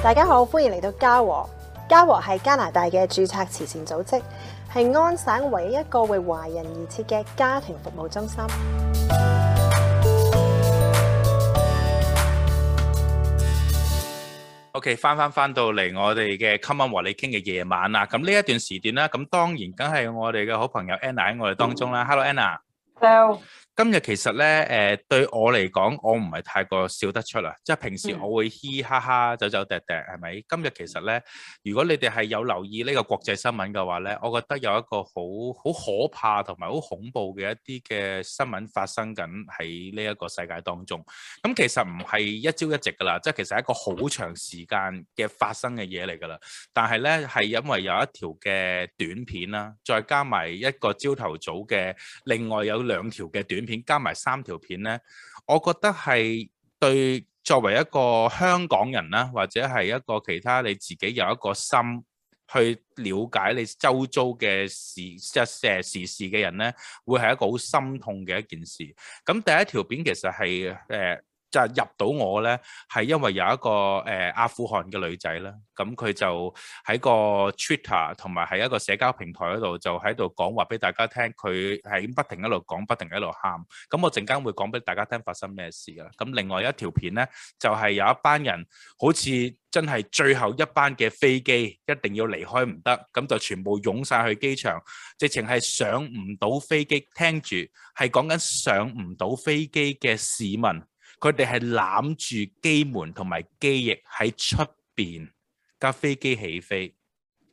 大家好，歡迎嚟到家和。家和係加拿大嘅注冊慈善組織，係安省唯一一個為華人而設嘅家庭服務中心。OK，翻翻翻到嚟我哋嘅今晚和你傾嘅夜晚啦，咁呢一段時段啦，咁當然，梗係我哋嘅好朋友 Anna 喺我哋當中啦。Hello，Anna。Hello。今日其實咧，誒、呃、對我嚟講，我唔係太過笑得出啦。即係平時我會嘻嘻哈哈走走趯趯，係咪？今日其實咧，如果你哋係有留意呢個國際新聞嘅話咧，我覺得有一個好好可怕同埋好恐怖嘅一啲嘅新聞發生緊喺呢一個世界當中。咁、嗯、其實唔係一朝一夕噶啦，即係其實係一個好長時間嘅發生嘅嘢嚟㗎啦。但係咧，係因為有一條嘅短片啦，再加埋一個朝頭早嘅另外有兩條嘅短片。片加埋三條片咧，我覺得係對作為一個香港人啦，或者係一個其他你自己有一個心去了解你周遭嘅事，即係時事嘅人咧，會係一個好心痛嘅一件事。咁第一條片其實係誒。就入到我呢，係因為有一個誒、呃、阿富汗嘅女仔啦。咁佢就喺個 Twitter 同埋喺一個社交平台嗰度，就喺度講話俾大家聽，佢係不停喺度講，不停喺度喊。咁我陣間會講俾大家聽發生咩事啦。咁另外一條片呢，就係、是、有一班人好似真係最後一班嘅飛機一定要離開唔得，咁就全部湧晒去機場，直情係上唔到飛機。聽住係講緊上唔到飛機嘅市民。佢哋係攬住機門同埋機翼喺出邊架飛機起飛，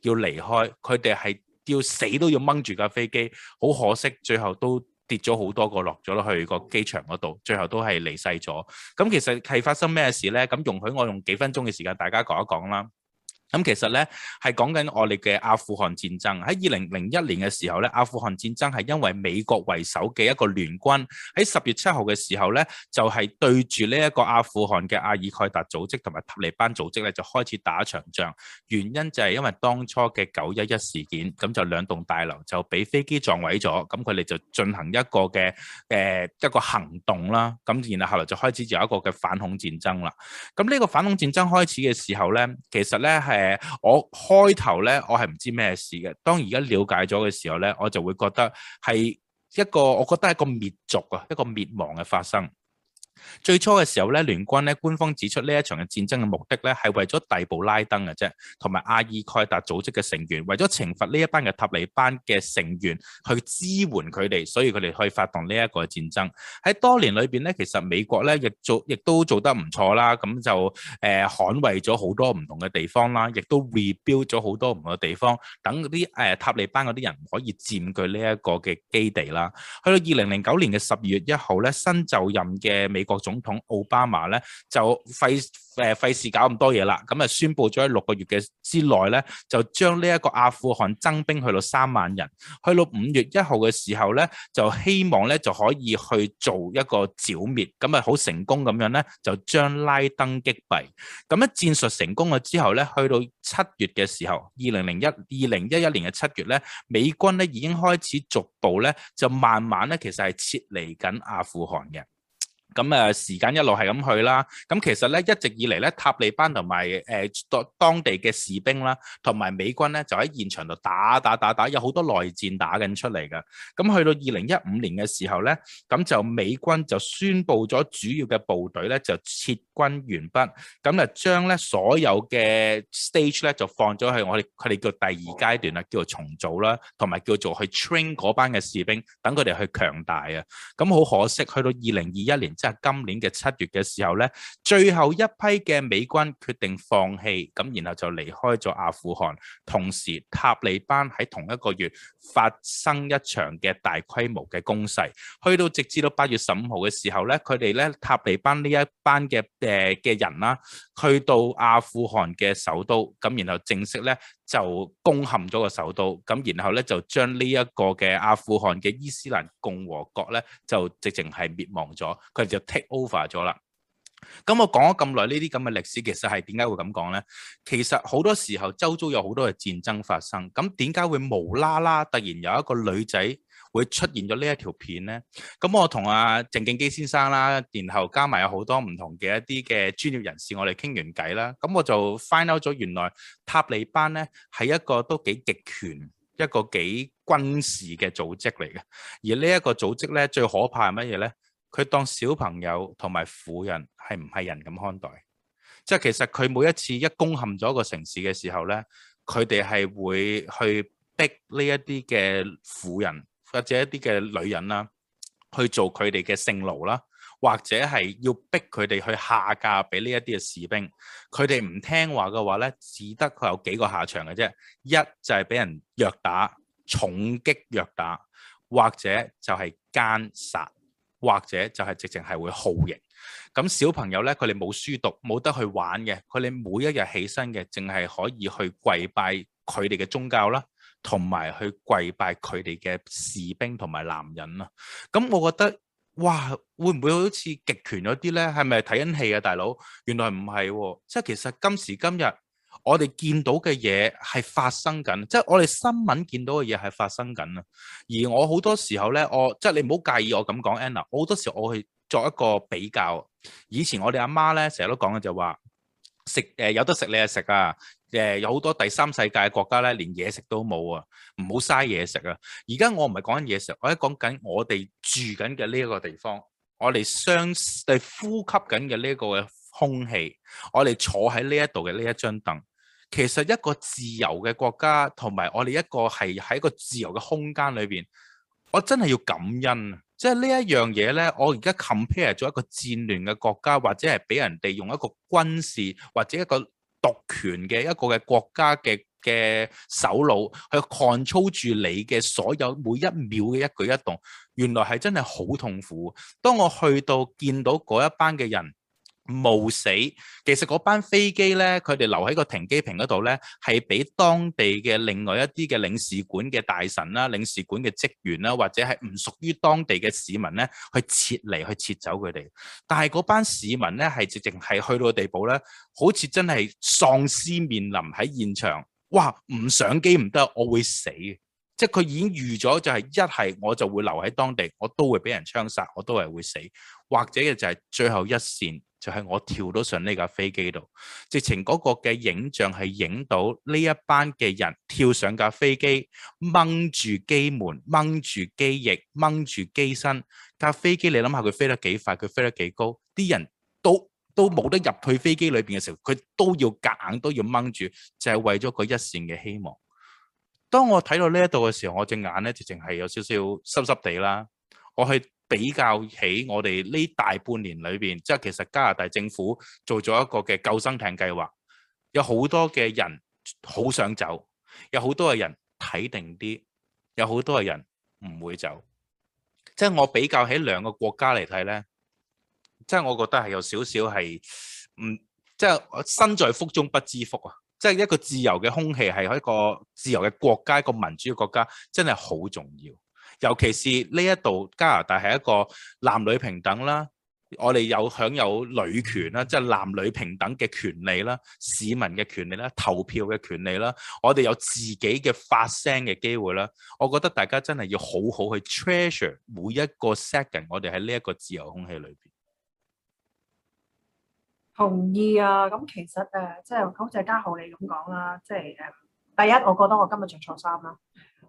要離開。佢哋係要死都要掹住架飛機。好可惜最，最後都跌咗好多個落咗落去個機場嗰度，最後都係離世咗。咁其實係發生咩事呢？咁容許我用幾分鐘嘅時間，大家講一講啦。咁其實咧係講緊我哋嘅阿富汗戰爭喺二零零一年嘅時候咧，阿富汗戰爭係因為美國為首嘅一個聯軍喺十月七號嘅時候咧，就係、是、對住呢一個阿富汗嘅阿爾蓋達組織同埋塔利班組織咧，就開始打一場仗。原因就係因為當初嘅九一一事件，咁就兩棟大樓就俾飛機撞毀咗，咁佢哋就進行一個嘅誒、呃、一個行動啦。咁然後後來就開始有一個嘅反恐戰爭啦。咁呢個反恐戰爭開始嘅時候咧，其實咧係。我開頭咧，我係唔知咩事嘅。當而家了解咗嘅時候咧，我就會覺得係一個，我覺得係一個滅族啊，一個滅亡嘅發生。最初嘅時候咧，聯軍咧，官方指出呢一場嘅戰爭嘅目的咧係為咗逮捕拉登嘅啫，同埋阿爾蓋達組織嘅成員，為咗懲罰呢一班嘅塔利班嘅成員，去支援佢哋，所以佢哋去發動呢一個戰爭。喺多年裏邊咧，其實美國咧亦做亦都做，做得唔錯啦，咁就誒、呃、捍衛咗好多唔同嘅地方啦，亦都 rebuild 咗好多唔同嘅地方，等啲誒塔利班嗰啲人唔可以佔據呢一個嘅基地啦。去到二零零九年嘅十二月一號咧，新就任嘅美。美國總統奧巴馬咧就費誒費事搞咁多嘢啦，咁啊宣佈咗喺六個月嘅之內咧，就將呢一個阿富汗增兵去到三萬人，去到五月一號嘅時候咧，就希望咧就可以去做一個剿滅，滅，咁啊好成功咁樣咧，就將拉登擊斃。咁一戰術成功咗之後咧，去到七月嘅時候，二零零一二零一一年嘅七月咧，美軍咧已經開始逐步咧就慢慢咧其實係撤離緊阿富汗嘅。咁誒時間一路係咁去啦，咁其實咧一直以嚟咧塔利班同埋誒當地嘅士兵啦，同埋美軍咧就喺現場度打打打打，有好多內戰打緊出嚟㗎。咁去到二零一五年嘅時候咧，咁就美軍就宣布咗主要嘅部隊咧就撤軍完畢，咁啊將咧所有嘅 stage 咧就放咗去我哋佢哋叫第二階段啦，叫做重組啦，同埋叫做去 train 嗰班嘅士兵，等佢哋去強大啊。咁好可惜，去到二零二一年。今年嘅七月嘅時候咧，最後一批嘅美軍決定放棄，咁然後就離開咗阿富汗。同時，塔利班喺同一個月發生一場嘅大規模嘅攻勢，去到直至到八月十五號嘅時候咧，佢哋咧塔利班呢一班嘅誒嘅人啦，去到阿富汗嘅首都，咁然後正式咧。就攻陷咗個首都，咁然後咧就將呢一個嘅阿富汗嘅伊斯蘭共和國咧就直情係滅亡咗，佢哋就 take over 咗啦。咁、嗯、我講咗咁耐呢啲咁嘅歷史，其實係點解會咁講呢？其實好多時候周遭有好多嘅戰爭發生，咁點解會無啦啦突然有一個女仔？會出現咗呢一條片咧，咁我同阿、啊、鄭敬基先生啦，然後加埋有好多唔同嘅一啲嘅專業人士，我哋傾完偈啦，咁我就 find out 咗原來塔利班咧係一個都幾極權、一個幾軍事嘅組織嚟嘅。而呢一個組織咧最可怕係乜嘢咧？佢當小朋友同埋婦人係唔係人咁看待？即係其實佢每一次一攻陷咗一個城市嘅時候咧，佢哋係會去逼呢一啲嘅婦人。或者一啲嘅女人啦，去做佢哋嘅性奴啦，或者係要逼佢哋去下嫁俾呢一啲嘅士兵。佢哋唔聽話嘅話咧，只得佢有幾個下場嘅啫。一就係、是、俾人虐打、重擊、虐打，或者就係奸殺，或者就係直情係會酷刑。咁小朋友咧，佢哋冇書讀，冇得去玩嘅，佢哋每一日起身嘅，淨係可以去跪拜佢哋嘅宗教啦。同埋去跪拜佢哋嘅士兵同埋男人啊！咁我覺得哇，會唔會好似極權咗啲咧？係咪睇緊戲啊，大佬？原來唔係喎，即係其實今時今日我哋見到嘅嘢係發生緊，即係我哋新聞見到嘅嘢係發生緊啊！而我好多時候咧，我即係你唔好介意我咁講，Anna，我好多時候我去做一個比較，以前我哋阿媽咧成日都講嘅就話食誒、呃、有得食你就食啊！誒，有好多第三世界嘅國家咧，連嘢食都冇啊！唔好嘥嘢食啊！而家我唔係講緊嘢食，我係講緊我哋住緊嘅呢一個地方，我哋相對呼吸緊嘅呢一個嘅空氣，我哋坐喺呢一度嘅呢一張凳，其實一個自由嘅國家，同埋我哋一個係喺個自由嘅空間裏邊，我真係要感恩啊！即係、就是、呢一樣嘢咧，我而家 compare 咗一個戰亂嘅國家，或者係俾人哋用一個軍事或者一個。獨權嘅一個嘅國家嘅嘅首腦去 control 住你嘅所有每一秒嘅一舉一動，原來係真係好痛苦。當我去到見到嗰一班嘅人，冒死，其實嗰班飛機咧，佢哋留喺個停機坪嗰度咧，係俾當地嘅另外一啲嘅領事館嘅大臣啦、領事館嘅職員啦，或者係唔屬於當地嘅市民咧，去撤離、去撤走佢哋。但係嗰班市民咧，係直情係去到個地步咧，好似真係喪屍面臨喺現場，哇！唔上機唔得，我會死嘅，即係佢已經預咗、就係，就係一係我就會留喺當地，我都會俾人槍殺，我都係會死，或者嘅就係最後一線。就係我跳到上呢架飛機度，直情嗰個嘅影像係影到呢一班嘅人跳上架飛機，掹住機門、掹住機翼、掹住機身。架飛機你諗下佢飛得幾快，佢飛得幾高，啲人都都冇得入去飛機裏邊嘅時候，佢都要夾硬都要掹住，就係為咗個一線嘅希望。當我睇到呢一度嘅時候，我隻眼咧直情係有少少濕濕地啦，我去。比較起我哋呢大半年裏邊，即係其實加拿大政府做咗一個嘅救生艇計劃，有好多嘅人好想走，有好多嘅人睇定啲，有好多嘅人唔會走。即係我比較起兩個國家嚟睇呢，即係我覺得係有少少係，唔即係身在福中不知福啊！即係一個自由嘅空氣係一個自由嘅國家，一個民主嘅國家真係好重要。尤其是呢一度加拿大係一個男女平等啦，我哋有享有女權啦，即係男女平等嘅權利啦，市民嘅權利啦，投票嘅權利啦，我哋有自己嘅發聲嘅機會啦。我覺得大家真係要好好去 treasure 每一個 second，我哋喺呢一個自由空氣裏邊。同意啊！咁，嗯，其實誒，即係好似家豪你咁講啦，即係誒，第一我覺得我今日着錯衫啦。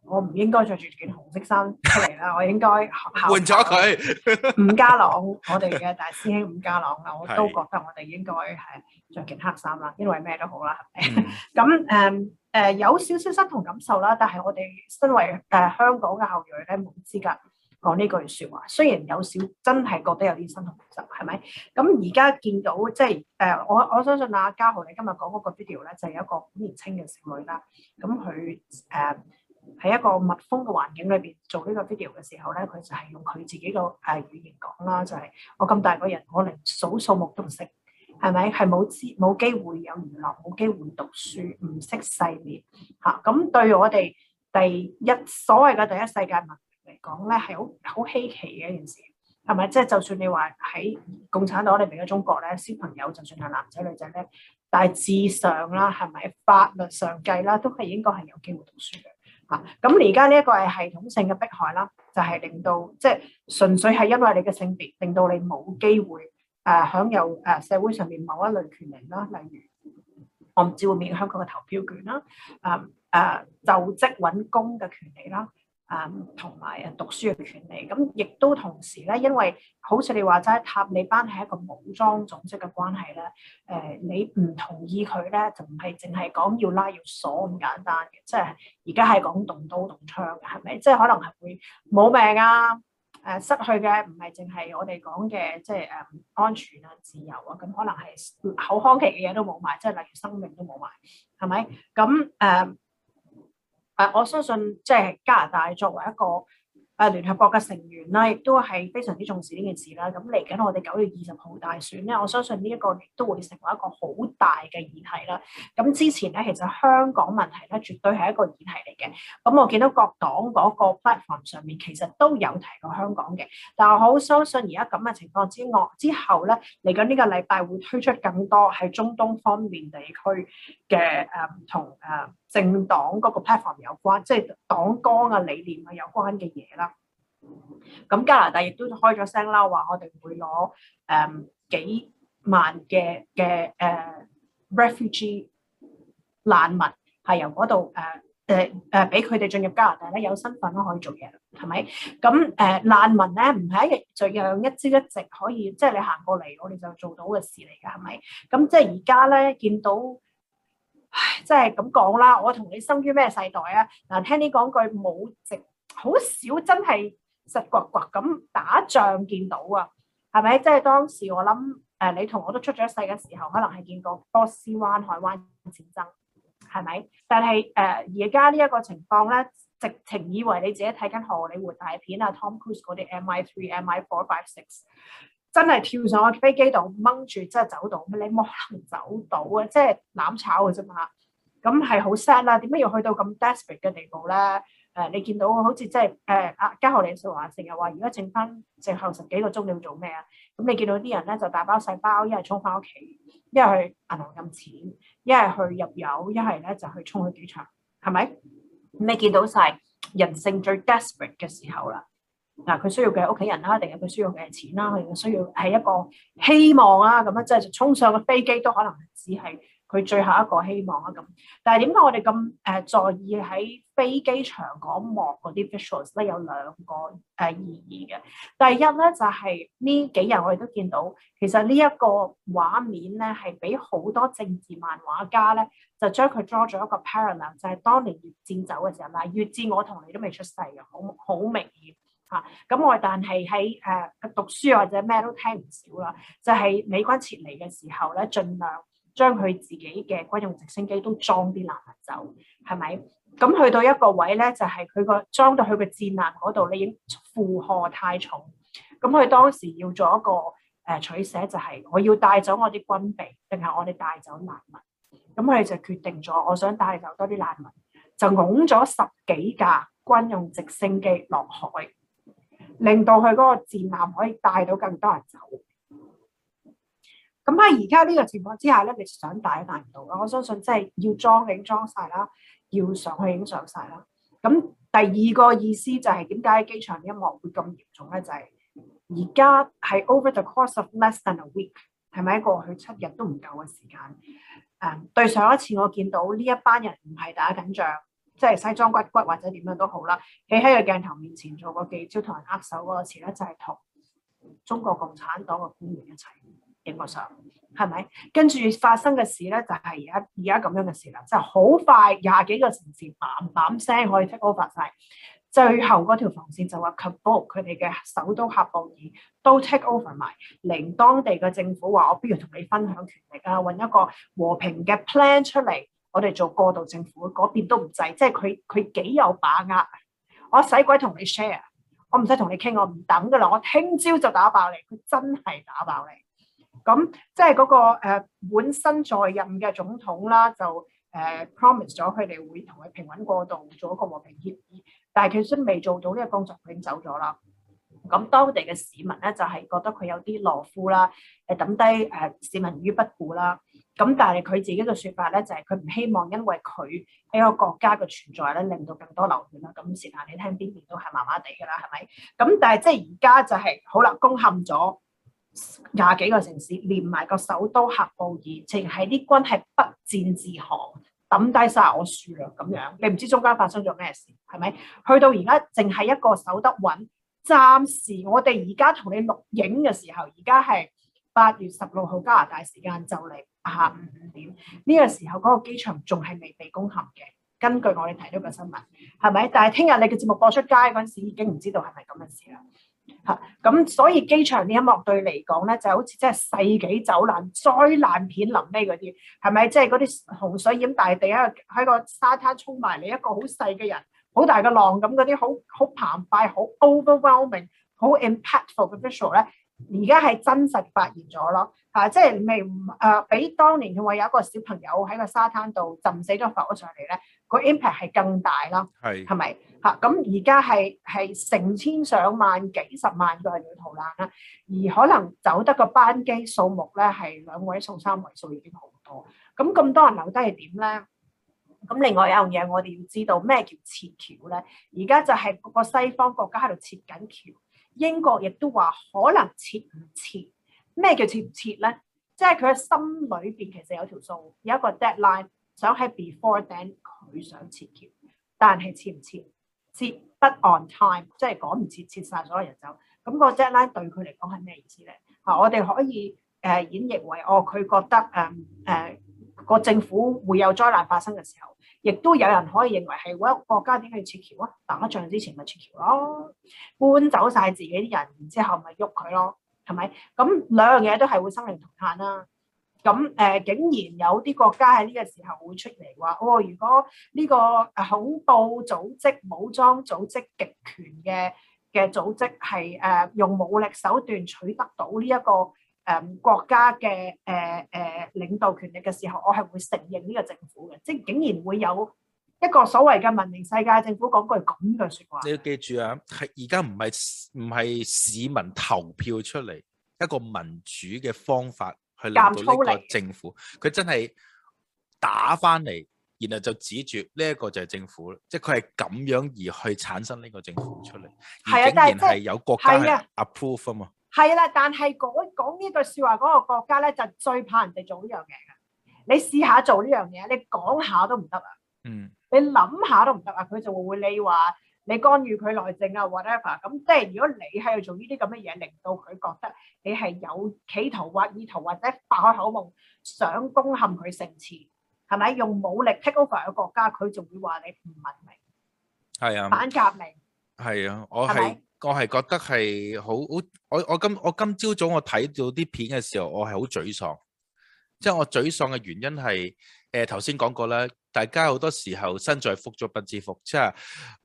我唔應該着住件紅色衫出嚟啦，我應該換咗佢。伍了 家朗，我哋嘅大師兄伍家朗，我都覺得我哋應該係着件黑衫啦，因為咩都好啦，係咪？咁誒誒有少少身同感受啦，但係我哋身為誒香港嘅後裔咧，冇資格講呢句説話。雖然有少真係覺得有啲身同感受，係咪？咁而家見到即係誒、呃，我我相信阿、啊、嘉豪你今日講嗰個 video 咧，就有、是、一個好年青嘅少女啦，咁佢誒。嗯嗯嗯嗯喺一個密封嘅環境裏邊做呢個 video 嘅時候咧，佢就係用佢自己個誒語言講啦，就係、是、我咁大個人，我連數數目都唔識，係咪？係冇知冇機會有娛樂，冇機會讀書，唔識世面嚇。咁、嗯、對我哋第一所謂嘅第一世界文明嚟講咧，係好好稀奇嘅一件事，係咪？即、就、係、是、就算你話喺共產黨裏邊嘅中國咧，小朋友就算係男仔女仔咧，大致上啦，係咪法律上計啦，都係應該係有機會讀書嘅。啊！咁而家呢一個係系統性嘅迫害啦，就係、是、令到即係、就是、純粹係因為你嘅性別，令到你冇機會誒享有誒社會上面某一類權利啦，例如我唔知會唔會有香港嘅投票權啦，誒、啊、誒、啊、就職揾工嘅權利啦。啊，同埋啊，讀書嘅權利，咁亦都同時咧，因為好似你話齋塔利班係一個武裝組織嘅關係咧，誒、呃，你唔同意佢咧，就唔係淨係講要拉要鎖咁簡單嘅，即係而家係講動刀動槍嘅，係咪？即係可能係會冇命啊！誒、呃，失去嘅唔係淨係我哋講嘅，即係誒、呃、安全啊、自由啊，咁可能係口腔期嘅嘢都冇埋，即係例如生命都冇埋，係咪？咁誒。呃誒，我相信即係加拿大作為一個誒聯合國嘅成員啦，亦都係非常之重視呢件事啦。咁嚟緊我哋九月二十號大選咧，我相信呢一個亦都會成為一個好大嘅議題啦。咁之前咧，其實香港問題咧，絕對係一個議題嚟嘅。咁我見到各黨嗰個 platform 上面其實都有提過香港嘅，但係我好相信而家咁嘅情況之外，之後咧嚟緊呢個禮拜會推出更多喺中東方面地區嘅唔同誒。啊政黨嗰個 platform 有關，即係黨綱啊、理念啊有關嘅嘢啦。咁加拿大亦都開咗聲啦，話我哋會攞誒、嗯、幾萬嘅嘅誒、呃、refugee 難民係由嗰度誒誒誒俾佢哋進入加拿大咧，有身份都可以做嘢，係咪？咁誒、呃、難民咧，唔係一樣一朝一夕可以，即、就、係、是、你行過嚟，我哋就做到嘅事嚟㗎，係咪？咁即係而家咧見到。即係咁講啦，我同你生於咩世代啊？嗱，聽你講句冇直，好少真係實刮刮咁打仗見到啊，係咪？即係當時我諗誒，你同我都出咗世嘅時候，可能係見過波斯灣海灣戰爭，係咪？但係誒，而家呢一個情況咧，直情以為你自己睇緊荷里活大片啊，Tom Cruise 嗰啲 M I Three、M I Four、Five、Six。真係跳上個飛機度掹住，真係走到，你冇可能走到啊！即係攬炒嘅啫嘛，咁係好 sad 啦。點解要去到咁 desperate 嘅地步咧？誒、呃，你見到好似即係誒阿嘉學你成日話，成日話而家剩翻剩後十幾個鐘，你要做咩啊？咁、嗯、你見到啲人咧就大包細包，一係衝翻屋企，一係去銀行撳錢，一係去入油，一係咧就去衝去機場，係咪？咁你見到晒，人性最 desperate 嘅時候啦。嗱，佢需要嘅屋企人啦，定係佢需要嘅錢啦，佢需要係一個希望啦，咁樣即係就衝上個飛機都可能只係佢最後一個希望啦。咁，但係點解我哋咁誒在意喺飛機場嗰幕嗰啲 visuals 咧？有兩個誒意義嘅。第一咧就係、是、呢幾日我哋都見到，其實呢一個畫面咧係俾好多政治漫畫家咧就將佢 draw 咗一個 parallel，就係當年越戰走嘅時候啦。越戰我同你都未出世嘅，好好明顯。啊，咁我但係喺誒讀書或者咩都聽唔少啦，就係、是、美軍撤離嘅時候咧，盡量將佢自己嘅軍用直升機都裝啲難民走，係咪？咁、嗯、去到一個位咧，就係佢個裝到佢個戰艦嗰度咧已經負荷太重，咁、嗯、佢當時要做一個誒取捨、就是，就係我要帶走我啲軍備，定係我哋帶走難民。咁佢哋就決定咗，我想帶走多啲難民，就擁咗十幾架軍用直升機落海。令到佢嗰個戰艦可以帶到更多人走。咁喺而家呢個情況之下咧，你想帶都帶唔到咧？我相信即係要裝已經裝曬啦，要上去已經上曬啦。咁第二個意思就係點解機場一幕會咁嚴重咧？就係而家係 over the course of less than a week，係咪過去七日都唔夠嘅時間？誒，對上一次我見到呢一班人唔係打緊仗。即係西裝骨骨或者點樣都好啦，企喺個鏡頭面前做個記招，同人握手嗰個時咧就係、是、同中國共產黨嘅官員一齊影個相，係咪？跟住發生嘅事咧就係而家而家咁樣嘅事啦，就係、是、好、就是、快廿幾個城市嘭嘭聲可以 take over 晒。最後嗰條防線就話佢包佢哋嘅首都喀布爾都 take over 埋，令當地嘅政府話我不如同你分享權力啊，揾一個和平嘅 plan 出嚟。我哋做過渡政府嗰邊都唔制，即係佢佢幾有把握。我使鬼同你 share，我唔使同你傾，我唔等㗎喇，我聽朝就打爆你。佢真係打爆你。咁即係嗰、那個、呃、本身在任嘅總統啦，就誒、呃、promise 咗佢哋會同佢平穩過渡，做一個和平協議。但係佢雖未做到呢個工作，佢已經走咗喇。咁當地嘅市民咧就係、是、覺得佢有啲懦夫啦，誒抌低誒市民於不顧啦。啊。咁但係佢自己嘅説法咧，就係佢唔希望因為佢喺個國家嘅存在咧，令到更多流血啦。咁是但你聽邊邊都係麻麻地嘅啦，係咪？咁但係即係而家就係、是、好啦，攻陷咗廿幾個城市，連埋個首都喀布爾，淨係啲軍係不戰自降，抌低晒我輸啦咁樣。你唔知中間發生咗咩事，係咪？去到而家淨係一個守得穩，暫時我哋而家同你錄影嘅時候，而家係。八月十六號加拿大時間就嚟下午五點，呢、這個時候嗰、那個機場仲係未被攻陷嘅。根據我哋睇到個新聞，係咪？但係聽日你嘅節目播出街嗰陣時，已經唔知道係咪咁嘅事啦。嚇！咁所以機場呢一幕對你嚟講咧，就好似即係世紀走難、災難片臨尾嗰啲，係咪？即係嗰啲洪水掩大地喺個喺個沙灘沖埋嚟，一個好細嘅人，好大嘅浪咁，嗰啲好好澎湃、好 overwhelming、好 impactful 嘅 visual 咧。而家係真實發現咗咯，嚇、啊！即係未誒、呃？比當年嘅話有一個小朋友喺個沙灘度浸死咗浮咗上嚟咧，個 impact 係更大咯。係係咪嚇？咁而家係係成千上萬、幾十萬個人逃難啦，而可能走得個班機數目咧係兩位數、三位數已經好多。咁咁多人留低係點咧？咁另外有一樣嘢我哋要知道咩叫撤僑咧？而家就係個西方國家喺度撤緊僑。英國亦都話可能切唔切，咩叫切唔切咧？即係佢喺心裏邊其實有條數，有一個 deadline，想喺 before then 佢想撤橋，但係切唔切？切不 on time，即係趕唔切切晒所有人走。咁、那個 deadline 對佢嚟講係咩意思咧？啊，我哋可以誒演譯為哦，佢覺得誒誒個政府會有災難發生嘅時候。亦都有人可以認為係，哇！國家點去撤僑啊？打仗之前咪撤僑咯，搬走晒自己啲人，然之後咪喐佢咯，係咪？咁兩樣嘢都係會生靈塗炭啦。咁誒、呃，竟然有啲國家喺呢個時候會出嚟話，哦，如果呢個恐怖組織、武裝組織極極、極權嘅嘅組織係誒、呃、用武力手段取得到呢、這、一個。誒、嗯、國家嘅誒誒領導權力嘅時候，我係會承認呢個政府嘅，即係竟然會有一個所謂嘅文明世界政府講句咁嘅説話。你要記住啊，係而家唔係唔係市民投票出嚟一個民主嘅方法去令到呢個政府，佢真係打翻嚟，然後就指住呢一個就係政府，即係佢係咁樣而去產生呢個政府出嚟，而竟然係有國家嘅 approve 啊 app 嘛。係啦，但係講講呢句説話嗰個國家咧，就最怕人哋做呢樣嘢嘅。你試下做呢樣嘢，你講下都唔得啊，嗯啊，你你啊。嗯。你諗下都唔得啊。佢就會會你話你干預佢內政啊，whatever。咁即係如果你喺度做呢啲咁嘅嘢，令到佢覺得你係有企圖或意圖或者發開口夢，想攻陷佢城池，係咪用武力 take over 嘅國家，佢仲會話你唔文明。係啊的。反革命。係啊，我係。我係覺得係好好，我我今我今朝早我睇到啲片嘅時候，我係好沮喪。即係我沮喪嘅原因係，誒頭先講過啦，大家好多時候身在福中不知福，即係誒、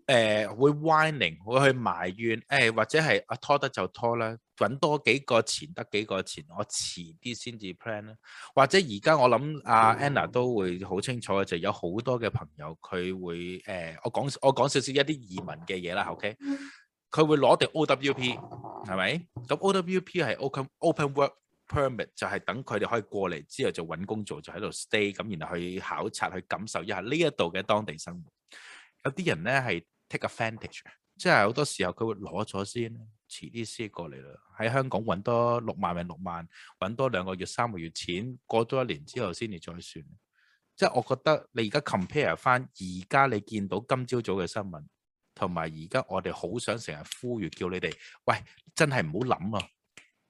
呃、會 whining，會去埋怨，誒、哎、或者係啊拖得就拖啦，揾多幾個錢得幾個錢，我遲啲先至 plan 啦。或者而家我諗阿、啊、Anna 都會好清楚嘅，就係、有好多嘅朋友佢會誒、呃，我講我講少少一啲移民嘅嘢啦，OK？佢會攞定 OWP，係咪？咁 OWP 係 open open work permit，就係等佢哋可以過嚟之後就揾工作，就喺度 stay 咁，然後去考察、去感受一下呢一度嘅當地生活。有啲人呢係 take advantage，即係好多時候佢會攞咗先，遲啲先過嚟啦。喺香港揾多六萬定六萬，揾多兩個月、三個月錢，過多一年之後先至再算。即係我覺得你而家 compare 翻而家你見到今朝早嘅新聞。同埋而家我哋好想成日呼籲，叫你哋喂，真係唔好諗啊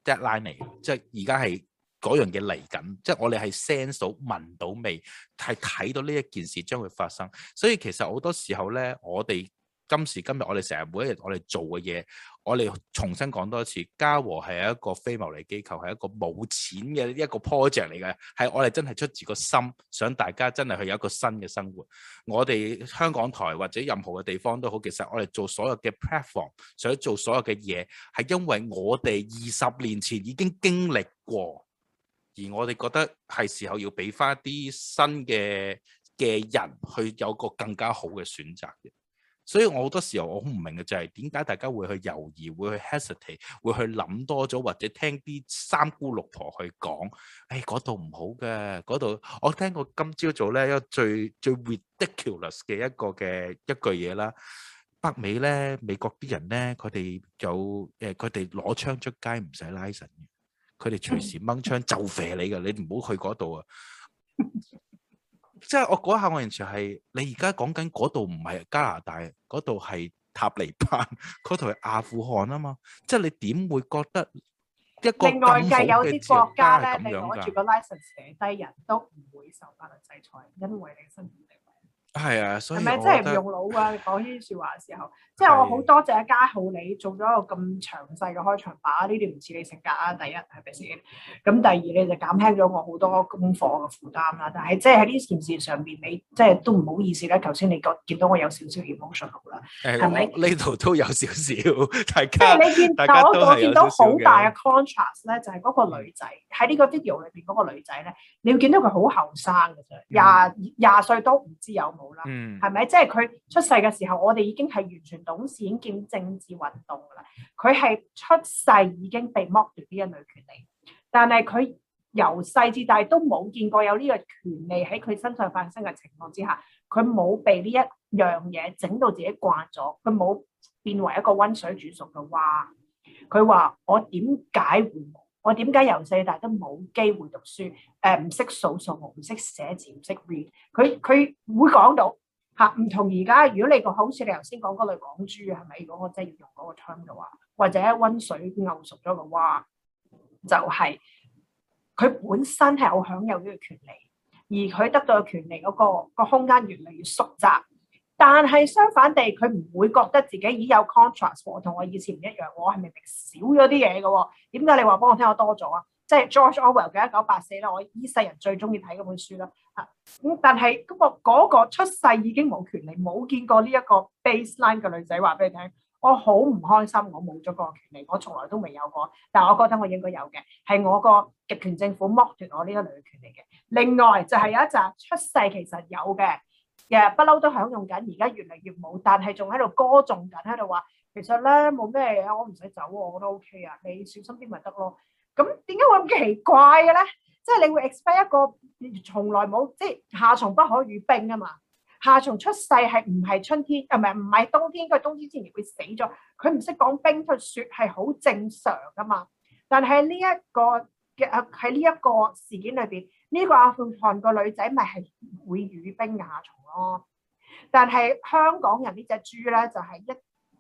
！Deadline 即係而家係嗰樣嘢嚟緊，即係我哋係 sense 到、聞到味、係睇到呢一件事將會發生。所以其實好多時候咧，我哋今時今日，我哋成日每一日，我哋做嘅嘢。我哋重新講多一次，嘉禾係一個非牟利機構，係一個冇錢嘅一個 project 嚟嘅，係我哋真係出自個心，想大家真係去有一個新嘅生活。我哋香港台或者任何嘅地方都好，其實我哋做所有嘅 platform，想做所有嘅嘢，係因為我哋二十年前已經經歷過，而我哋覺得係時候要俾翻啲新嘅嘅人去有個更加好嘅選擇。所以我好多時候我好唔明嘅就係點解大家會去猶豫、會去 hesitate、會去諗多咗，或者聽啲三姑六婆去講，誒嗰度唔好嘅，嗰度。我聽過今朝早咧一個最最 ridiculous 嘅一個嘅一句嘢啦，北美咧美國啲人咧佢哋有誒佢哋攞槍出街唔使 license 嘅，佢哋隨時掹槍就射你嘅，你唔好去嗰度啊！即係我嗰下我完全係，你而家講緊嗰度唔係加拿大，嗰度係塔利班，嗰度係阿富汗啊嘛，即係你點會覺得一個咁嘅國家係咁樣噶？係啊，是是所以係咪即係唔用腦啊？ 你講呢啲説話嘅時候，即係我好多謝家浩你做咗一個咁詳細嘅開場白，呢啲唔似你性格啊。第一係咪先？咁第二你就減輕咗我好多功課嘅負擔啦。但係即係喺呢件事上邊，你即係都唔好意思咧。頭先你覺見到我有少少 emotional 啦，係咪吧？呢度都有少少，大家，但係點點我見到好大嘅 contrast 咧，就係嗰個女仔喺呢個 video 裏邊嗰個女仔咧，你會見到佢好後生嘅啫，廿廿、嗯、歲都唔知有，有。好啦，係咪、嗯？即係佢出世嘅時候，我哋已經係完全懂事，已經見政治運動噶啦。佢係出世已經被剝奪呢一類權利，但係佢由細至大都冇見過有呢個權利喺佢身上發生嘅情況之下，佢冇被呢一樣嘢整到自己慣咗，佢冇變為一個溫水煮熟嘅話，佢話我點解會？我點解由細大都冇機會讀書？誒、呃，唔識數數，唔識寫字，唔識 read。佢佢會講到嚇，唔、啊、同而家。如果你個好似你頭先講嗰類講豬，係咪如果我真係要用嗰個 time 嘅話，或者溫水漚熟咗嘅蛙，就係、是、佢本身係好享有呢個權利，而佢得到嘅權利嗰、那個這個空間越嚟越縮窄。但係相反地，佢唔會覺得自己已有 contrast 我同我以前唔一樣。我係明明少咗啲嘢嘅喎，點解你話幫我聽我多咗啊？即係 George Orwell 嘅《一九八四》咧，我依世人最中意睇嗰本書啦嚇。咁但係嗰個出世已經冇權利，冇見過呢一個 baseline 嘅女仔話俾你聽，我好唔開心，我冇咗個權利，我從來都未有過。但係我覺得我應該有嘅，係我個極權政府剝奪我呢一類嘅權利嘅。另外就係有一集出世其實有嘅。嘅不嬲都享用緊，而家越嚟越冇，但係仲喺度歌頌緊，喺度話其實咧冇咩嘢，我唔使走啊，我覺得 OK 啊，你小心啲咪得咯。咁點解會咁奇怪嘅咧？即係你會 expect 一個從來冇，即係夏蟲不可語冰啊嘛。夏蟲出世係唔係春天？唔係，唔係冬天，佢冬天之前會死咗，佢唔識講冰同雪係好正常噶嘛。但係呢一個嘅喺呢一個事件裏邊。呢個阿富汗個女仔咪係會語冰夏蟲咯，但係香港人隻豬呢隻豬咧就係、是、一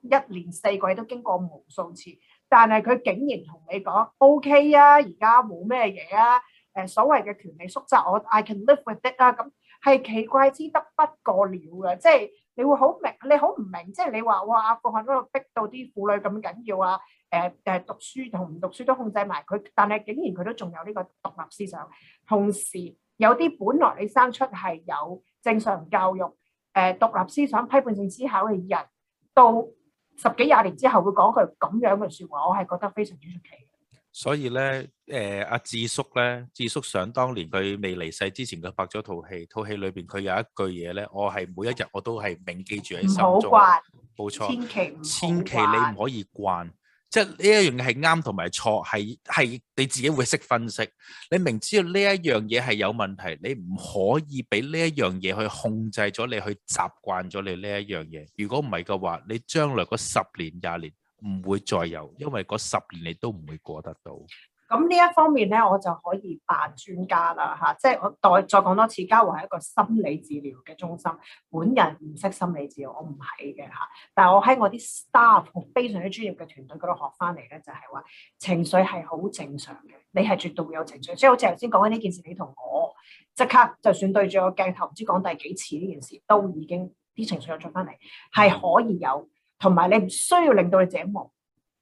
一年四季都經過無數次，但係佢竟然同你講 OK 啊，而家冇咩嘢啊，誒所謂嘅權利縮窄，我 I can live with it 啊，咁係奇怪之得不過了嘅，即係。你會好明，你好唔明，即係你話哇，阿富汗嗰度逼到啲婦女咁緊要啊，誒、呃、誒讀書同唔讀書都控制埋佢，但係竟然佢都仲有呢個獨立思想，同時有啲本來你生出係有正常教育、誒、呃、獨立思想、批判性思考嘅人，到十幾廿年之後會講句咁樣嘅説話，我係覺得非常之出奇。所以咧，誒，阿智叔咧，智叔想當年佢未離世之前，佢拍咗套戲，套戲裏邊佢有一句嘢咧，我係每一日我都係銘記住喺心中，冇慣，冇錯，千祈千祈你唔可以慣，即係呢一樣嘢係啱同埋錯，係係你自己會識分析，你明知道呢一樣嘢係有問題，你唔可以俾呢一樣嘢去控制咗你，去習慣咗你呢一樣嘢。如果唔係嘅話，你將來嗰十年廿年。唔會再有，因為嗰十年你都唔會過得到。咁呢一方面咧，我就可以扮專家啦嚇、啊，即係我再再講多次，嘉禾係一個心理治療嘅中心，本人唔識心理治療，我唔係嘅嚇。但係我喺我啲 staff 非常之專業嘅團隊嗰度學翻嚟咧，就係話情緒係好正常嘅，你係絕對會有情緒。即係好似頭先講緊呢件事，你同我即刻就算對住個鏡頭，唔知講第幾次呢件事，都已經啲情緒有出翻嚟，係可以有。同埋你唔需要令到你折磨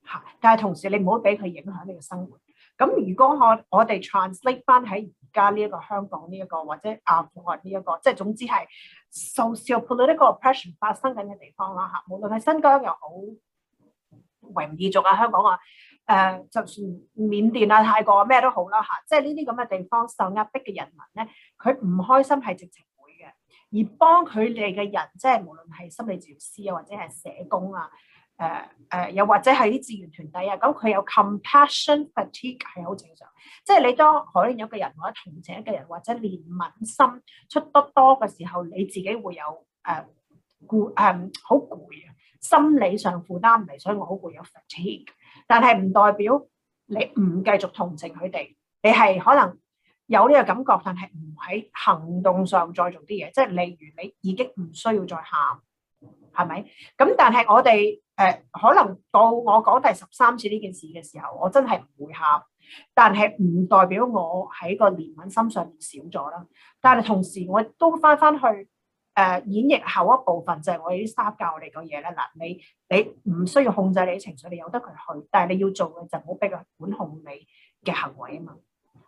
嚇，但係同時你唔好俾佢影響你嘅生活。咁如果我我哋 translate 翻喺而家呢一個香港呢、這、一個或者亞庫亞呢一個，即係總之係 social political oppression 發生緊嘅地方啦嚇，無論係新疆又好，維吾爾族啊、香港啊，誒、呃、就算緬甸啊、泰國咩、啊、都好啦嚇，即係呢啲咁嘅地方受壓迫嘅人民咧，佢唔開心係直情。而幫佢哋嘅人，即係無論係心理治療師啊，或者係社工啊，誒、呃、誒，又、呃、或者係啲志願團體啊，咁佢有 compassion fatigue 係好正常。即係你當可能有個人或者同情一個人或者憐憫心出得多嘅時候，你自己會有誒攰誒好攰啊，心理上負擔唔嚟，所以我好攰有 fatigue。但係唔代表你唔繼續同情佢哋，你係可能，有呢個感覺，但係唔喺行動上再做啲嘢，即係例如你已經唔需要再喊，係咪？咁但係我哋誒、呃、可能到我講第十三次呢件事嘅時候，我真係唔會喊，但係唔代表我喺個憐憫心上面少咗啦。但係同時我都翻翻去誒、呃、演繹後一部分就係、是、我啲三教你嘅嘢咧。嗱、呃，你你唔需要控制你啲情緒，你由得佢去，但係你要做嘅就唔好畀佢管控你嘅行為啊嘛。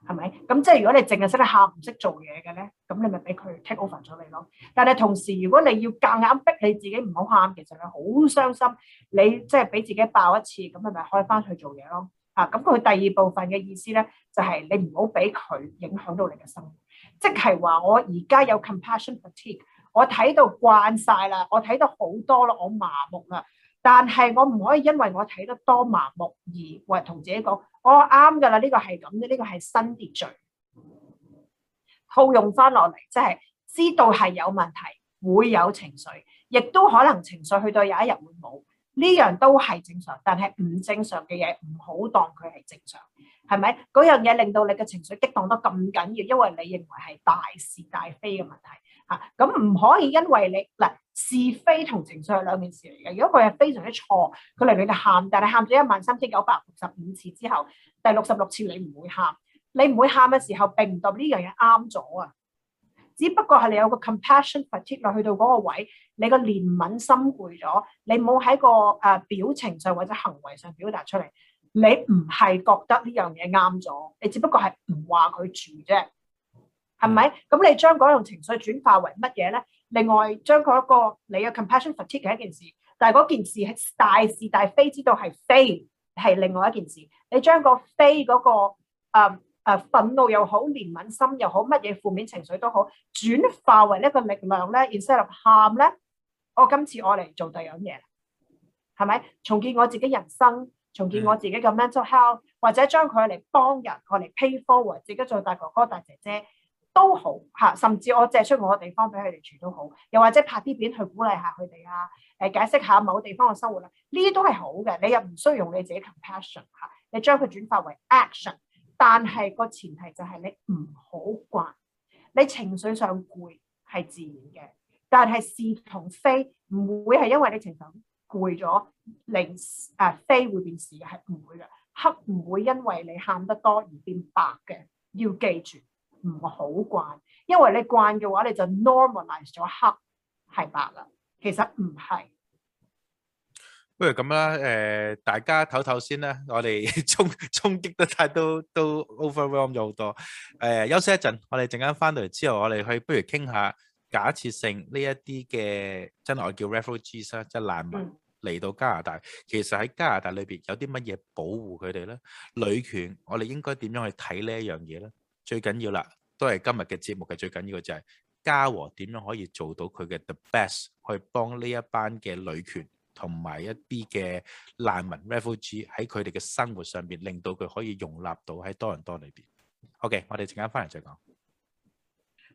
係咪？咁即係如果你淨係識得喊唔識做嘢嘅咧，咁你咪俾佢 take over 咗你咯。但係同時，如果你要夾硬逼你自己唔好喊，其實你好傷心你。你即係俾自己爆一次，咁咪咪開翻去做嘢咯。啊，咁佢第二部分嘅意思咧，就係、是、你唔好俾佢影響到你嘅生活，即係話我而家有 compassion fatigue，我睇到慣晒啦，我睇到好多啦，我麻木啦。但係我唔可以，因為我睇得多麻木而話同自己講：我啱㗎喇，呢個係咁嘅，呢個係新秩序。套用翻落嚟，即係知道係有問題，會有情緒，亦都可能情緒去到有一日會冇。呢樣都係正常，但係唔正常嘅嘢唔好當佢係正常，係咪？嗰樣嘢令到你嘅情緒激動得咁緊要，因為你認為係大是大非嘅問題嚇。咁唔可以因為你嗱。是非同情緒係兩件事嚟嘅。如果佢係非常之錯，佢嚟令你喊，但係喊咗一萬三千九百六十五次之後，第六十六次你唔會喊，你唔會喊嘅時候，並唔代表呢樣嘢啱咗啊。只不過係你有個 compassion fatigue 去到嗰個位，你個憐憫心攰咗，你冇喺個誒表情上或者行為上表達出嚟，你唔係覺得呢樣嘢啱咗，你只不過係唔話佢住啫，係咪？咁你將嗰樣情緒轉化為乜嘢咧？另外將佢一個你嘅 compassion fatigue 係一件事，但係嗰件事係大是大非，知道係非，係另外一件事。你將個非嗰、那個誒誒、呃呃、憤怒又好，憐憫心又好，乜嘢負面情緒都好，轉化為一個力量咧，instead of 喊咧。我今次我嚟做第二樣嘢啦，係咪重建我自己人生，重建我自己嘅 mental health，或者將佢嚟幫人，我嚟 pay forward，自己做大哥哥大姐姐。都好嚇，甚至我借出我嘅地方俾佢哋住都好，又或者拍啲片去鼓勵下佢哋啊，誒解釋下某個地方嘅生活啦，呢啲都係好嘅。你又唔需要用你自己 compassion 嚇、啊，你將佢轉化為 action，但係個前提就係你唔好慣，你情緒上攰係自然嘅，但係事同非唔會係因為你情緒攰咗，令誒、啊、非會變事是，係唔會嘅，黑唔會因為你喊得多而變白嘅，要記住。唔好慣，因為你慣嘅話，你就 normalize 咗黑係白啦。其實唔係。不如咁啦，誒、呃，大家唞唞先啦。我哋沖沖擊得太都都 overwhelm 咗好多。誒、呃，休息一陣，我哋陣間翻到嚟之後，我哋去不如傾下假設性呢一啲嘅，真係我叫 refugees 啊，即係難民嚟、嗯、到加拿大。其實喺加拿大裏邊有啲乜嘢保護佢哋咧？女權，我哋應該點樣去睇呢一樣嘢咧？最緊要啦，都係今日嘅節目嘅最緊要嘅就係家和點樣可以做到佢嘅 the best，去幫呢一班嘅女權同埋一啲嘅難民 refugee 喺佢哋嘅生活上邊，令到佢可以容納到喺多倫多裏邊。OK，我哋陣間翻嚟再講。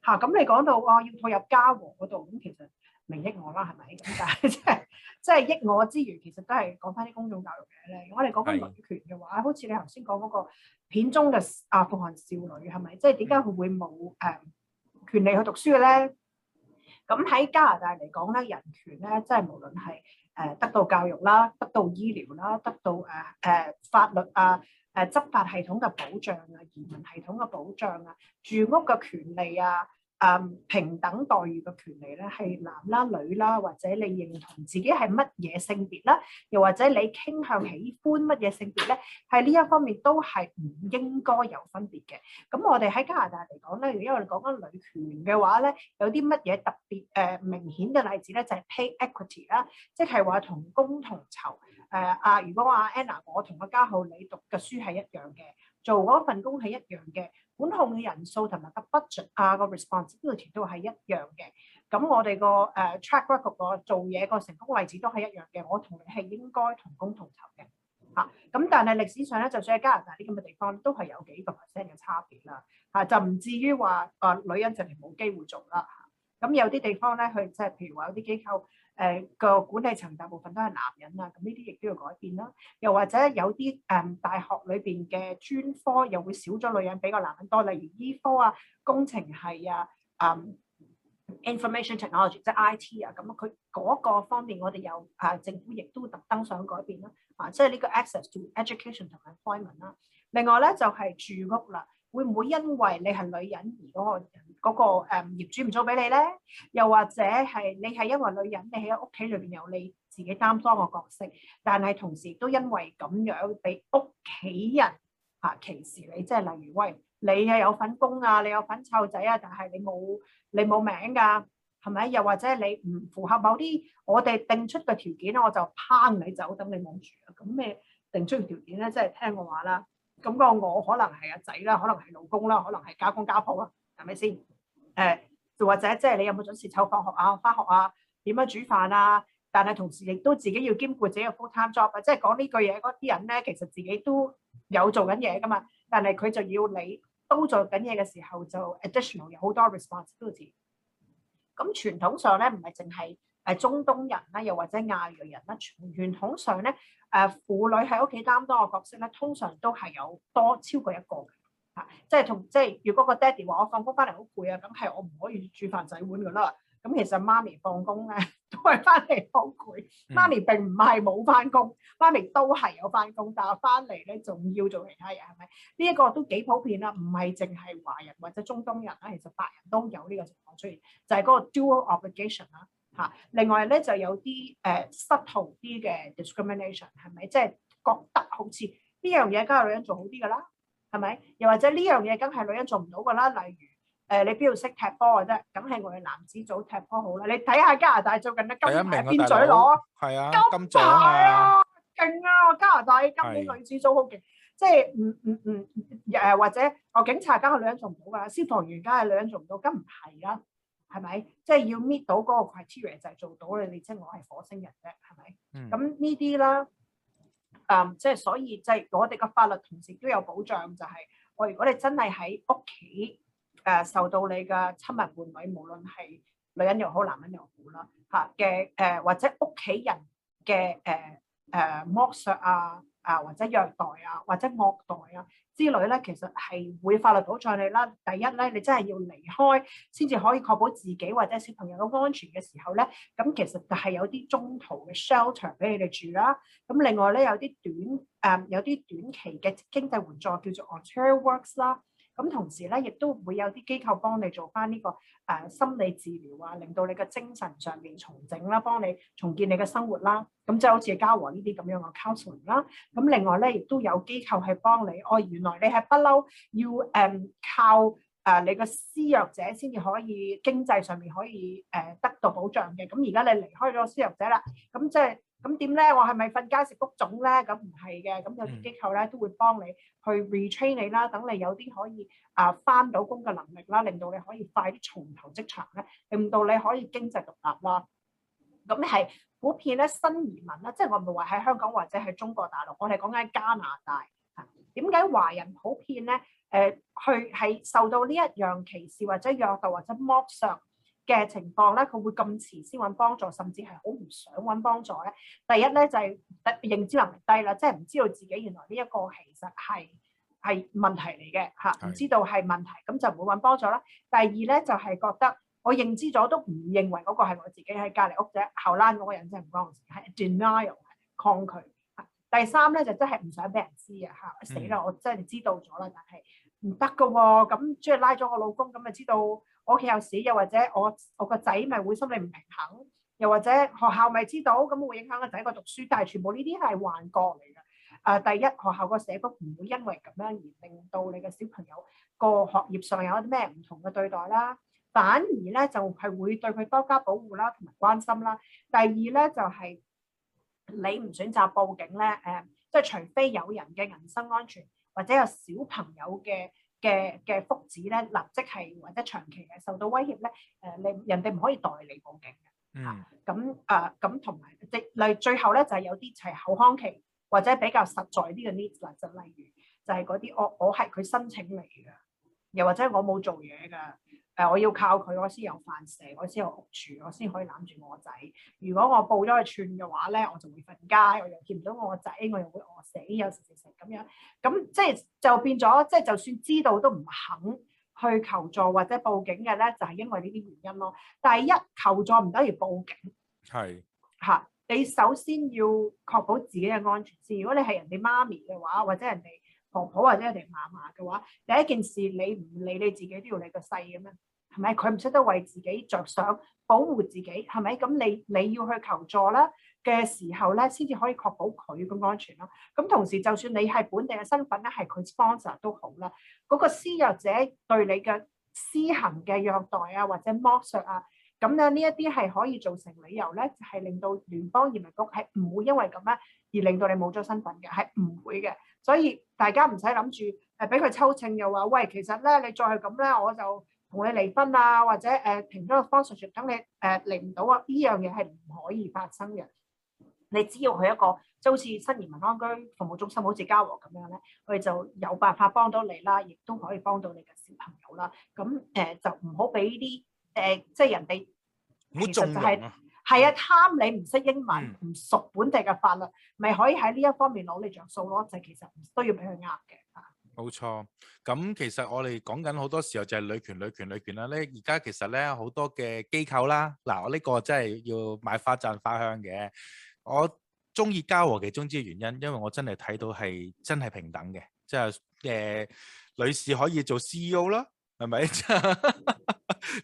嚇，咁你講到啊，到要退入家和嗰度，咁其實。利益我啦，係咪？咁但係即係即係益我之餘，其實都係講翻啲公眾教育嘅咧。我哋講翻民權嘅話，的好似你頭先講嗰個片中嘅阿富汗少女係咪？即係點解佢會冇誒、呃、權利去讀書嘅咧？咁、嗯、喺加拿大嚟講咧，人權咧，即係無論係誒得到教育啦，得到醫療啦，得到誒誒、呃、法律啊、誒、呃、執法系統嘅保障啊、移民系統嘅保障啊、住屋嘅權利啊。誒、um, 平等待遇嘅權利咧，係男啦、啊、女啦、啊，或者你認同自己係乜嘢性別啦，又或者你傾向喜歡乜嘢性別咧，係呢一方面都係唔應該有分別嘅。咁我哋喺加拿大嚟講咧，因為講緊女權嘅話咧，有啲乜嘢特別誒、呃、明顯嘅例子咧，就係、是、pay equity 啦、啊，即係話同工同酬。誒、呃、啊，如果我話 Anna，我同阿家豪你讀嘅書係一樣嘅，做嗰份工係一樣嘅。管控嘅人數同埋個 budget 啊，個 responsibility 都係一樣嘅。咁我哋個誒 track record 個做嘢個成功例子都係一樣嘅。我同你係應該同工同酬嘅嚇。咁、啊、但係歷史上咧，就算喺加拿大啲咁嘅地方，都係有幾個 percent 嘅差別啦嚇。就唔至於話啊女人就係冇機會做啦嚇。咁、啊、有啲地方咧，佢即係譬如話有啲機構。誒、呃、個管理層大部分都係男人啊，咁呢啲亦都要改變啦。又或者有啲誒、嗯、大學裏邊嘅專科又會少咗女人，比較男人多，例如醫、e、科啊、工程系啊、誒、嗯、information technology 即係 IT 啊，咁佢嗰個方面我哋又啊政府亦都特登想改變啦。啊，即係呢個 access to education 同埋 employment 啦、啊。另外咧就係、是、住屋啦，會唔會因為你係女人而嗰個？嗰、那個誒、嗯、業主唔租俾你咧，又或者係你係因為女人，你喺屋企裏邊有你自己擔當嘅角色，但係同時都因為咁樣俾屋企人啊歧視你，即係例如喂，你係有份工啊，你有份湊仔啊，但係你冇你冇名㗎、啊，係咪？又或者你唔符合某啲我哋定出嘅條件咧，我就拋你走，等你冇住啊！咁咩定出嘅條件咧？即係聽我話啦。咁、那個我可能係阿仔啦，可能係老公啦，可能係家公家婆啊。係咪先？誒，或者即係你有冇準時湊放學啊、翻學啊、點樣煮飯啊？但係同時亦都自己要兼顧自己嘅 full time job 啊！即係講呢句嘢嗰啲人咧，其實自己都有做緊嘢噶嘛。但係佢就要你都做緊嘢嘅時候，就 additional 有好多 responsibility。咁傳統上咧，唔係淨係誒中東人啦、啊，又或者亞裔人啦、啊。傳統上咧，誒、啊、婦女喺屋企擔當嘅角色咧，通常都係有多超過一個嘅。啊、即係同即係，如果個爹哋話我放工翻嚟好攰啊，咁係我唔可以煮飯洗碗噶啦。咁其實媽咪放工咧都係翻嚟好攰。媽咪、嗯、並唔係冇翻工，媽咪都係有翻工，但係翻嚟咧仲要做其他嘢，係咪？呢、這、一個都幾普遍啦、啊，唔係淨係華人或者中東人啦、啊，其實白人都有呢個情況出現，就係、是、嗰個 dual obligation 啦、啊。吓、啊，另外咧就有啲誒，subtle 啲嘅 discrimination，係咪？即、呃、係、就是、覺得好似呢樣嘢，梗、係女人做好啲噶啦。係咪？又或者呢樣嘢梗係女人做唔到噶啦？例如，誒、呃、你邊度識踢波嘅啫？梗係我哋男子組踢波好啦。你睇下加拿大最近咧金誒邊嘴攞金獎啊！勁啊！加拿大今年女子組好勁，即係唔唔唔誒或者我警察梗係女人做唔到噶，消防員梗係女人做唔到，咁唔係啦，係咪？即係要搣到嗰個 criteria 就係做到你，你即我係火星人啫，係咪？嗯。咁呢啲啦。誒，um, 即係所以，即係我哋嘅法律同時都有保障，就係、是、我如果你真係喺屋企誒受到你嘅親密伴侶，無論係女人又好男人又好啦嚇嘅誒，或者屋企人嘅誒誒剝削啊啊，或者虐待啊或者惡待啊。之類咧，其實係會法律保障你啦。第一咧，你真係要離開先至可以確保自己或者小朋友嘅安全嘅時候咧，咁其實就係有啲中途嘅 shelter 俾你哋住啦。咁另外咧，有啲短誒、嗯、有啲短期嘅經濟援助叫做 Ontario Works 啦。咁同時咧，亦都會有啲機構幫你做返呢、這個誒、呃、心理治療啊，令到你嘅精神上面重整啦、啊，幫你重建你嘅生活啦、啊。咁、嗯、即係好似家和呢啲咁樣嘅 counseling 啦、啊。咁、嗯、另外咧，亦都有機構係幫你，哦，原來你係不嬲要誒、呃、靠誒、呃、你嘅施暴者先至可以經濟上面可以誒、呃、得到保障嘅。咁而家你離開咗個施暴者啦，咁、嗯、即係。咁點咧？我係咪瞓街食谷種咧？咁唔係嘅，咁有啲機構咧都會幫你去 retrain 你啦，等你有啲可以啊返到工嘅能力啦，令到你可以快啲重投職場咧，令到你可以經濟獨立啦。咁係普遍咧新移民啦，即係我唔係話喺香港或者喺中國大陸，我係講緊加拿大。點解華人普遍咧？誒，去係受到呢一樣歧視或者一樣嘅或者陌生剝削？嘅情況咧，佢會咁遲先揾幫助，甚至係好唔想揾幫助咧。第一咧就係、是、認知能力低啦，即係唔知道自己原來呢一個其實係係問題嚟嘅嚇，唔知道係問題，咁的就唔會揾幫助啦。第二咧就係、是、覺得我認知咗都唔認為嗰個係我自己喺隔離屋仔後欄嗰個人先，唔關我事，係 denial 抗拒。第三咧就真係唔想俾人知啊嚇，死啦！嗯、我真係知道咗啦，但係唔得噶喎，咁即係拉咗我老公咁就知道。我屋企有屎，又或者我我個仔咪會心理唔平衡，又或者學校咪知道，咁會影響個仔個讀書。但係全部呢啲係幻覺嚟嘅。誒、呃，第一，學校個社福唔會因為咁樣而令到你嘅小朋友個學業上有啲咩唔同嘅對待啦，反而咧就係會對佢多加保護啦同埋關心啦。第二咧就係、是、你唔選擇報警咧，誒、呃，即、就、係、是、除非有人嘅人身安全或者有小朋友嘅。嘅嘅福祉咧，立即係或者長期係受到威脅咧，誒、呃、你人哋唔可以代你報警嘅嚇，咁誒咁同埋即係例，最後咧就係、是、有啲就係口腔期或者比較實在啲嘅 needs 啦，就例如就係嗰啲我我係佢申請嚟嘅，又或者我冇做嘢㗎。誒，我要靠佢，我先有飯食，我先有屋住，我先可以攬住我個仔。如果我報咗去串嘅話咧，我就會瞓街，我又見唔到我個仔，我又會餓死，有時時時咁樣。咁即係就變咗，即係就算知道都唔肯去求助或者報警嘅咧，就係、是、因為呢啲原因咯。第一求助唔等於報警，係嚇是，你首先要確保自己嘅安全先。如果你係人哋媽咪嘅話，或者人哋，婆婆或者你哋嫲嫲嘅話，第一件事你唔理你自己都要理你個細咁樣，係咪？佢唔識得為自己着想，保護自己，係咪？咁你你要去求助啦嘅時候咧，先至可以確保佢咁安全咯。咁同時就算你係本地嘅身份咧，係佢 sponsor 都好啦。嗰、那個施虐者對你嘅施行嘅虐待啊，或者剝削啊，咁樣呢一啲係可以造成理由咧，係、就是、令到聯邦移民局係唔會因為咁樣而令到你冇咗身份嘅，係唔會嘅。所以大家唔使諗住誒俾佢抽秤，又話喂，其實咧你再係咁咧，我就同你離婚啊，或者誒、呃、停咗個方措施，等你誒、呃、嚟唔到啊，呢樣嘢係唔可以發生嘅。你只要去一個，即係好似新移民安居服務中心，好似嘉和咁樣咧，佢哋就有辦法幫到你啦，亦都可以幫到你嘅小朋友啦。咁誒、呃、就唔好俾啲誒，即、呃、係、就是、人哋其實就是係啊，嗯、貪你唔識英文，唔、嗯、熟本地嘅法律，咪可以喺呢一方面攞你着數咯。就其實唔需要俾佢呃嘅。冇錯，咁其實我哋講緊好多時候就係女權、女權、女權啦。呢而家其實呢好多嘅機構啦，嗱我呢個真係要買花讚花香嘅。我中意家和其中之原因，因為我真係睇到係真係平等嘅，即係誒女士可以做 CEO 啦，係咪？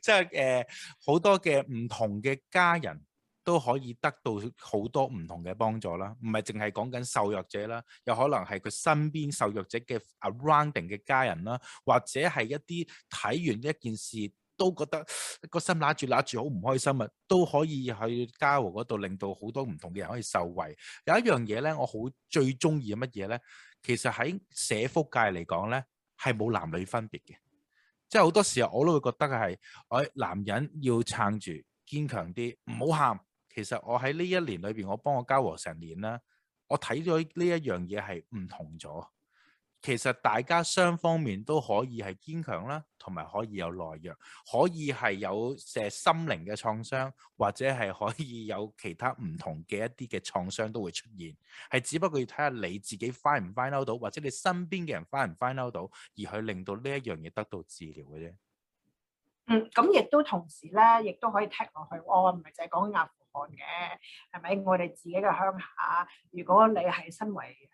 即係誒好多嘅唔同嘅家人。都可以得到好多唔同嘅幫助啦，唔係淨係講緊受弱者啦，有可能係佢身邊受弱者嘅 arounding 嘅家人啦，或者係一啲睇完一件事都覺得個心揦住揦住好唔開心啊，都可以去嘉禾嗰度令到好多唔同嘅人可以受惠。有一樣嘢咧，我好最中意係乜嘢咧？其實喺社福界嚟講咧，係冇男女分別嘅，即係好多時候我都會覺得係，誒男人要撐住堅強啲，唔好喊。其實我喺呢一年裏邊，我幫我交和成年啦，我睇咗呢一樣嘢係唔同咗。其實大家雙方面都可以係堅強啦，同埋可以有內弱，可以係有誒心靈嘅創傷，或者係可以有其他唔同嘅一啲嘅創傷都會出現。係只不過要睇下你自己 find 唔 find out 到，或者你身邊嘅人 find 唔 find out 到，而去令到呢一樣嘢得到治療嘅啫。嗯，咁亦都同時咧，亦都可以聽落去。我唔係淨係講緊嘅，係咪、嗯？我哋自己嘅鄉下，如果你係身為誒、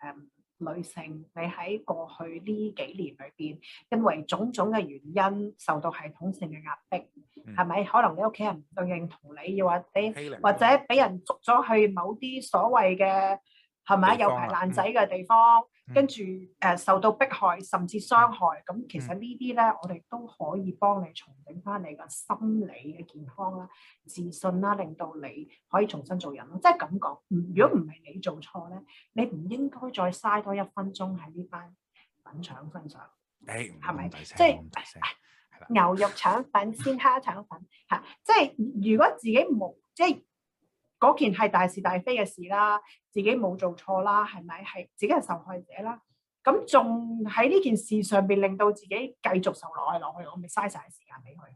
呃、女性，你喺過去呢幾年裏邊，因為種種嘅原因受到系統性嘅壓迫，係咪、嗯？可能你屋企人唔認同你，又或者俾林或者俾人捉咗去某啲所謂嘅，係咪？有排爛仔嘅地方？跟住誒受到迫害甚至傷害，咁其實呢啲咧，我哋都可以幫你重整翻你個心理嘅健康啦、自信啦，令到你可以重新做人咯。即係咁講，如果唔係你做錯咧，你唔應該再嘥多一分鐘喺呢班粉腸身上。誒，係咪？即係牛肉腸粉、鮮蝦腸粉嚇。即係如果自己冇即係。嗰件係大是大非嘅事啦，自己冇做錯啦，係咪？係自己係受害者啦。咁仲喺呢件事上邊令到自己繼續受落去落去，我咪嘥晒時間俾佢。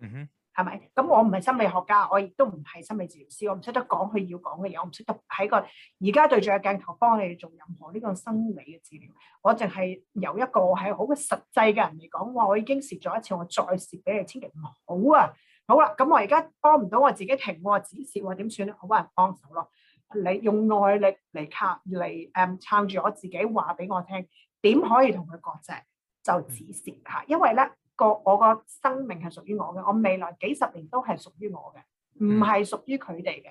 嗯哼，係咪？咁我唔係心理學家，我亦都唔係心理治療師，我唔識得講佢要講嘅嘢，我唔識得喺個而家對住個鏡頭幫你做任何呢個心理嘅治療。我淨係由一個係好嘅實際嘅人嚟講，哇！我已經蝕咗一次，我再蝕俾你，千祈唔好啊！好啦，咁我而家幫唔到我自己停喎，我指示我點算咧？我揾人幫手咯。你用耐力嚟撐嚟誒撐住我自己話俾我聽，點可以同佢割蓆就指示嚇。因為咧個我個生命係屬於我嘅，我未來幾十年都係屬於我嘅，唔係屬於佢哋嘅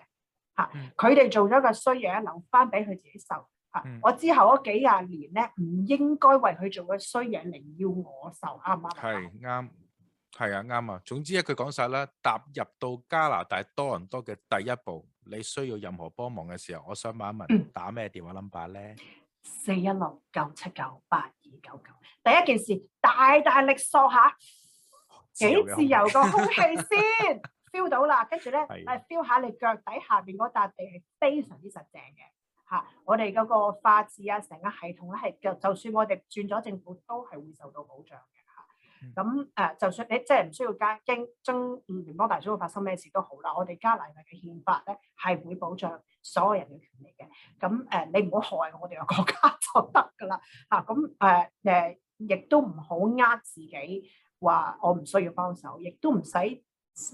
嚇。佢哋、嗯、做咗個衰嘢，留翻俾佢自己受嚇。嗯、我之後嗰幾廿年咧，唔應該為佢做個衰嘢嚟要我受，啱唔啱？係啱。係啊，啱啊。總之一句講晒啦，踏入到加拿大多倫多嘅第一步，你需要任何幫忙嘅時候，我想問一問，嗯、打咩電話 number 咧？四一六九七九八二九九。99, 第一件事，大大力掃下，自幾自由個空氣先，feel 到啦。跟住咧，嚟 feel 的下你腳底下邊嗰笪地係非常之實淨嘅。吓、啊，我哋嗰個法治啊，成個系統咧，係就就算我哋轉咗政府，都係會受到保障。咁誒，嗯、就算你即係唔需要加經中五聯邦大都會發生咩事都好啦，我哋加拿大嘅憲法咧係會保障所有人嘅權利嘅。咁誒、呃，你唔好害我哋嘅國家就得㗎啦嚇。咁誒誒，亦、啊呃、都唔好呃自己話我唔需要幫手，亦都唔使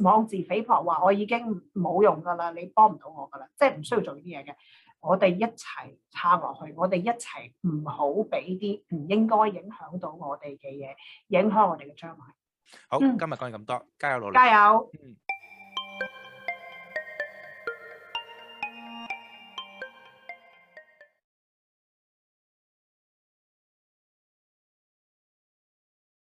妄自菲薄話我已經冇用㗎啦，你幫唔到我㗎啦，即係唔需要做呢啲嘢嘅。我哋一齊撐落去，我哋一齊唔好俾啲唔應該影響到我哋嘅嘢，影響我哋嘅將來。好，今日講咁多，嗯、加油努力，加油。嗯。